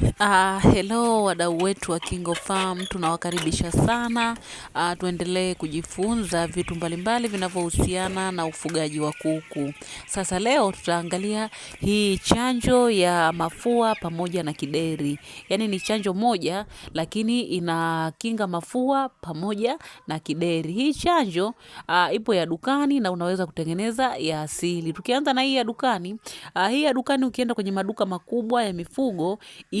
Uh, hello wadau wetu wa KingoFarm, tunawakaribisha sana uh, tuendelee kujifunza vitu mbalimbali vinavyohusiana na ufugaji wa kuku. Sasa leo tutaangalia hii chanjo ya mafua pamoja na kideri, yaani ni chanjo moja lakini inakinga mafua pamoja na kideri. Hii chanjo uh, ipo ya dukani na unaweza kutengeneza ya asili. Tukianza na hii ya dukani uh, hii ya dukani ukienda kwenye maduka makubwa ya mifugo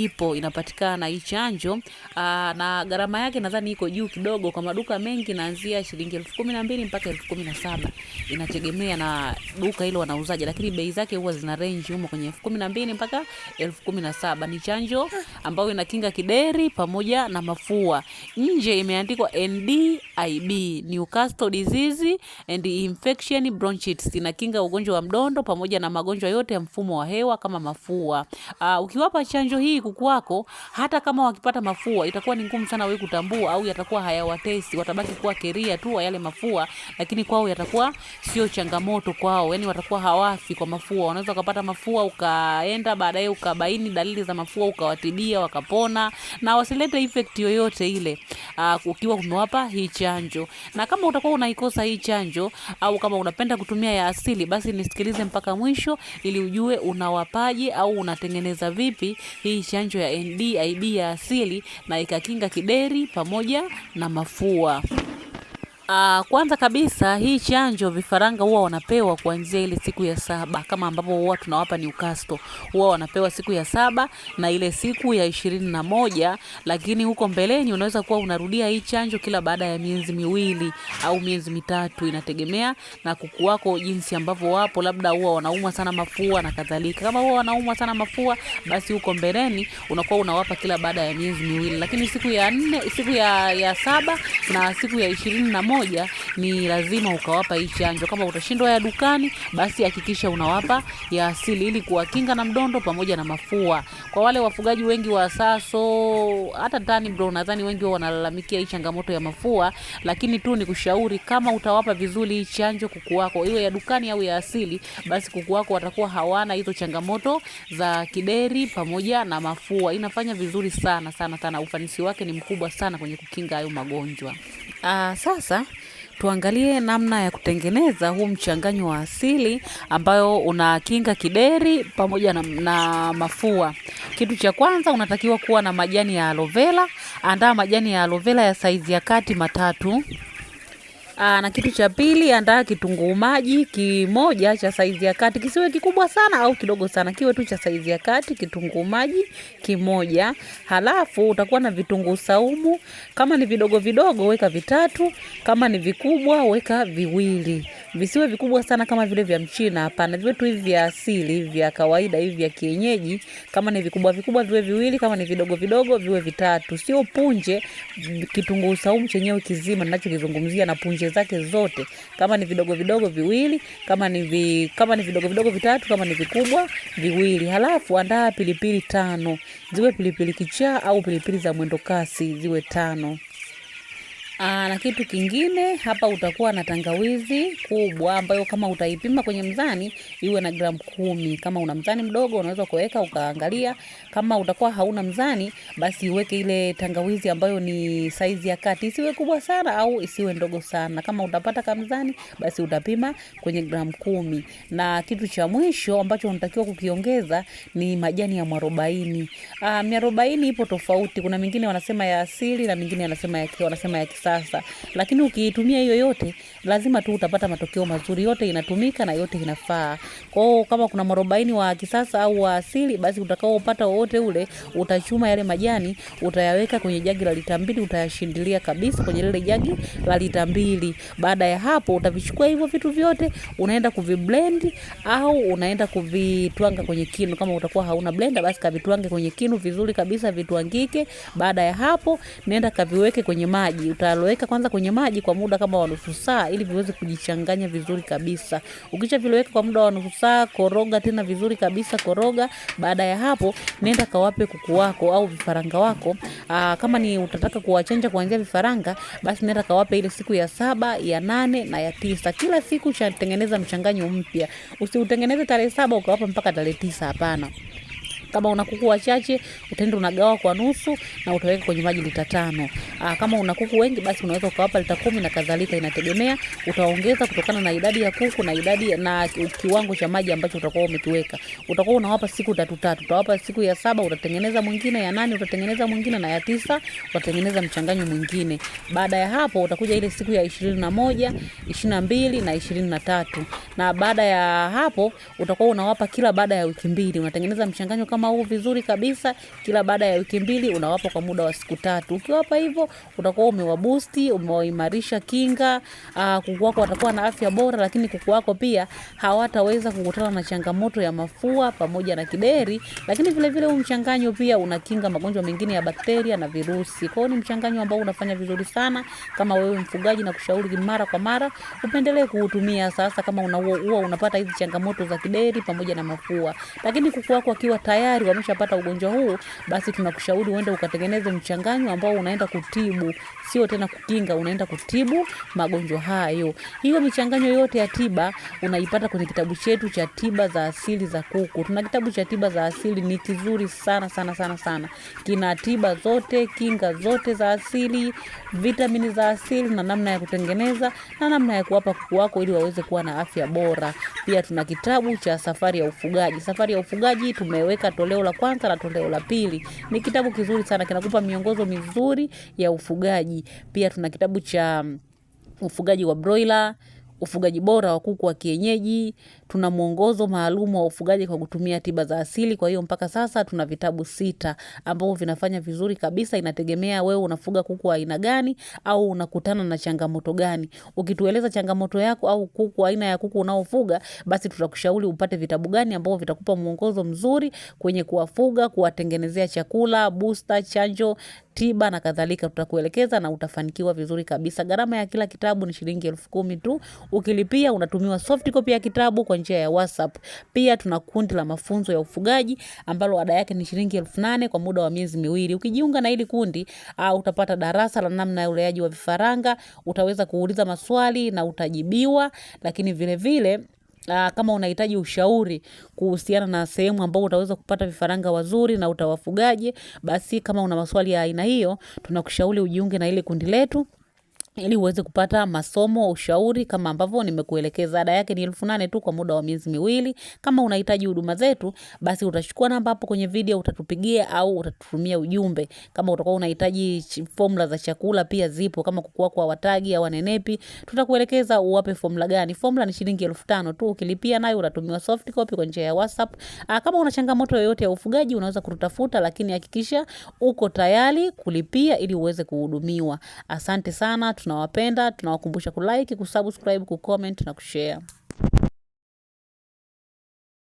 ipo inapatikana hii chanjo aa, ah, na gharama yake nadhani iko juu kidogo kwa maduka mengi, naanzia shilingi elfu kumi na mbili mpaka elfu kumi na saba inategemea na duka hilo wanauzaje, lakini bei zake huwa zina range humo kwenye elfu kumi na mbili mpaka elfu kumi na saba Ni chanjo ambayo inakinga kideri pamoja na mafua. Nje imeandikwa NDIB, Newcastle disease and infection bronchitis, inakinga ugonjwa wa mdondo pamoja na magonjwa yote ya mfumo wa hewa kama mafua. Aa, ah, ukiwapa chanjo hii kuku kuku wako, hata kama wakipata mafua itakuwa ni ngumu sana wewe kutambua, au yatakuwa hayawatesi, watabaki kuwa keria tu wa yale mafua, lakini kwao yatakuwa sio changamoto kwao, yani watakuwa hawafi kwa mafua. Unaweza ukapata mafua ukaenda baadaye ukabaini dalili za mafua ukawatibia wakapona, na wasilete effect yoyote ile uh, ukiwa umewapa hii chanjo. Na kama utakuwa unaikosa hii chanjo au kama unapenda kutumia ya asili, basi nisikilize mpaka mwisho ili ujue unawapaje au unatengeneza vipi hii chanjo chanjo ya NDIB ya asili na ikakinga kideri pamoja na mafua. Uh, kwanza kabisa hii chanjo vifaranga huwa wanapewa kuanzia ile siku ya saba kama ambapo huwa tunawapa Newcastle. Huwa wanapewa siku ya saba na ile siku ya ishirini na moja, lakini huko mbeleni unaweza kuwa unarudia hii chanjo kila baada ya miezi miwili au miezi mitatu, inategemea na kuku wako jinsi ambavyo wapo, labda huwa wanaumwa sana mafua na kadhalika. Kama huwa wanaumwa sana mafua, basi huko mbeleni unakuwa unawapa kila baada ya miezi miwili, lakini siku ya nne, siku ya, ya saba na siku ya ishirini na moja moja ni lazima ukawapa hii chanjo. Kama utashindwa ya dukani, basi hakikisha unawapa ya asili ili kuwakinga na mdondo pamoja na mafua. Kwa wale wafugaji wengi wa Saso hata Tani bro, nadhani wengi wao wanalalamikia hii changamoto ya mafua, lakini tu ni kushauri kama utawapa vizuri hii chanjo kuku wako, iwe ya dukani au ya asili, basi kuku wako watakuwa hawana hizo changamoto za kideri pamoja na mafua. Inafanya vizuri sana sana sana, ufanisi wake ni mkubwa sana kwenye kukinga hayo magonjwa. Uh, sasa tuangalie namna ya kutengeneza huu mchanganyo wa asili ambayo unakinga kideri pamoja na, na mafua. Kitu cha kwanza unatakiwa kuwa na majani ya aloe vera. Andaa majani ya aloe vera ya saizi ya kati matatu. Aa, ah, na kitu cha pili, andaa kitunguu maji kimoja cha saizi ya kati, kisiwe kikubwa sana au kidogo sana, kiwe tu cha saizi ya kati. Kitunguu maji kimoja, halafu utakuwa na vitunguu saumu. Kama ni vidogo vidogo, weka vitatu, kama ni vikubwa, weka viwili visiwe vikubwa sana kama vile vya Mchina. Hapana, viwe tu hivi vya asili vya kawaida hivi vya kienyeji. Kama ni vikubwa vikubwa viwe viwili, kama ni vidogo vidogo viwe vitatu, sio punje. Kitunguu saumu chenyewe kizima ninachokizungumzia na punje zake zote, kama ni vidogo vidogo viwili, kama ni vi, kama ni vidogo vidogo vitatu, kama ni vikubwa viwili. Halafu andaa pilipili tano, ziwe pilipili kichaa au pilipili za mwendo kasi ziwe tano. Aa, ah, na kitu kingine hapa utakuwa na tangawizi kubwa ambayo kama utaipima kwenye mzani iwe na gramu kumi. Kama una mzani mdogo unaweza kuweka ukaangalia. Kama utakuwa hauna mzani, basi uweke ile tangawizi ambayo ni saizi ya kati, isiwe kubwa sana au isiwe ndogo sana. Kama utapata kamzani, basi utapima kwenye gramu kumi. Na kitu cha mwisho ambacho unatakiwa kukiongeza ni majani ya mwarobaini. Ah, mwarobaini ipo tofauti, kuna mingine wanasema ya asili na mingine wanasema ya, wanasema ya kisa sasa, lakini ukiitumia hiyo yote lazima tu utapata matokeo mazuri. Yote inatumika na yote inafaa. Kwa hiyo kama kuna mwarobaini wa kisasa au wa asili, basi utakaopata wote ule, utachuma yale majani, utayaweka kwenye jagi la lita mbili, utayashindilia kabisa kwenye lile jagi la lita mbili. Baada ya hapo, utavichukua hivyo vitu vyote, unaenda kuviblend au unaenda kuvitwanga kwenye kinu. Kama utakuwa hauna blender, basi kavitwange kwenye kinu vizuri kabisa, vitwangike. Baada ya hapo, nenda kaviweke kwenye maji uta Viloweka kwanza kwenye maji kwa muda kama wa nusu saa ili viweze kujichanganya vizuri kabisa. Ukisha viloweka kwa muda wa nusu saa, koroga tena vizuri kabisa, koroga. Baada ya hapo, nenda kawape kuku wako au vifaranga wako. Aa, ah, kama ni utataka kuwachanja kuanzia vifaranga, basi nenda kawape ile siku ya saba, ya nane na ya tisa. Kila siku cha tengeneza mchanganyo mpya. Usiutengeneze tarehe saba ukawapa mpaka tarehe tisa, hapana. Kama una kuku wachache utaenda unagawa kwa nusu na utaweka kwenye maji lita tano. Aa, ah, kama una kuku wengi basi unaweza ukawapa lita kumi na kadhalika, inategemea utaongeza kutokana na idadi ya kuku na idadi na kiwango cha maji ambacho utakuwa umekiweka. Utakuwa unawapa siku tatu tatu, utawapa siku ya saba utatengeneza mwingine, ya nane utatengeneza mwingine, na ya tisa utatengeneza mchanganyo mwingine. Baada ya hapo utakuja ile siku ya ishirini na moja, ishirini na mbili na ishirini na tatu, na baada ya hapo utakuwa unawapa kila baada ya wiki mbili unatengeneza mchanganyo kama kama huu vizuri kabisa, kila baada ya wiki mbili unawapa kwa muda wa siku tatu. Ukiwapa hivyo utakuwa umewabusti, umewaimarisha kinga. Uh, kuku wako watakuwa na afya bora, lakini kuku wako pia hawataweza kukutana na changamoto ya mafua pamoja na kideri. Lakini vile vile huu mchanganyo pia unakinga magonjwa mengine ya bakteria na virusi. Kwa hiyo ni mchanganyo ambao unafanya vizuri sana. Kama wewe mfugaji, na kushauri mara kwa mara upendelee kuutumia sasa, kama unaua unapata hizi changamoto za kideri pamoja na mafua, lakini kuku wako akiwa tayari tayari wameshapata ugonjwa huu, basi tunakushauri uende ukatengeneze mchanganyo ambao unaenda kutibu, sio tena kukinga, unaenda kutibu magonjwa hayo. Hiyo michanganyo yote ya tiba unaipata kwenye kitabu chetu cha tiba za asili za kuku. Tuna kitabu cha tiba za asili, ni kizuri sana sana sana sana, kina tiba zote, kinga zote za asili, vitamini za asili na namna ya kutengeneza na namna ya kuwapa kuku wako ili waweze kuwa na afya bora. Pia tuna kitabu cha safari ya ufugaji. Safari ya ufugaji tumeweka toleo la kwanza na toleo la pili. Ni kitabu kizuri sana, kinakupa miongozo mizuri ya ufugaji. Pia tuna kitabu cha mm, ufugaji wa broiler ufugaji bora wa kuku wa kienyeji. Tuna mwongozo maalum wa ufugaji kwa kutumia tiba za asili. Kwa hiyo mpaka sasa tuna vitabu sita ambavyo vinafanya vizuri kabisa. Inategemea wewe unafuga kuku wa aina gani au unakutana na changamoto gani. Ukitueleza changamoto yako au kuku aina ya kuku unaofuga, basi tutakushauri upate vitabu gani ambavyo vitakupa mwongozo mzuri kwenye kuwafuga, kuwatengenezea chakula, busta, chanjo, tiba na kadhalika. Tutakuelekeza na utafanikiwa vizuri kabisa. Gharama ya kila kitabu ni shilingi elfu kumi tu. Ukilipia unatumiwa soft copy ya kitabu kwa njia ya WhatsApp. Pia tuna kundi la mafunzo ya ufugaji ambalo ada yake ni shilingi elfu nane kwa muda wa miezi miwili. Ukijiunga na hili kundi uh, utapata darasa la namna ya uleaji wa vifaranga, utaweza kuuliza maswali na utajibiwa, lakini vile vile Aa, kama unahitaji ushauri kuhusiana na sehemu ambao utaweza kupata vifaranga wazuri na utawafugaje, basi kama una maswali ya aina hiyo, tunakushauri ujiunge na ile kundi letu ili uweze kupata masomo, ushauri kama ambavyo nimekuelekeza. Ada yake ni elfu nane tu kwa muda wa miezi miwili. Kama unahitaji huduma zetu, basi utachukua namba hapo kwenye video, utatupigia au utatutumia ujumbe. Kama utakuwa unahitaji formula za chakula pia zipo, kama kuku wako hawatagi au wanenepi, tutakuelekeza uwape formula gani. Formula ni shilingi elfu tano tu, ukilipia nayo utatumiwa soft copy kwa njia ya WhatsApp. Kama una changamoto yoyote ya ufugaji, unaweza kututafuta, lakini hakikisha uko tayari kulipia ili uweze kuhudumiwa. Asante sana tunawapenda, tunawakumbusha kulike, kusubscribe, kucomment na kushare.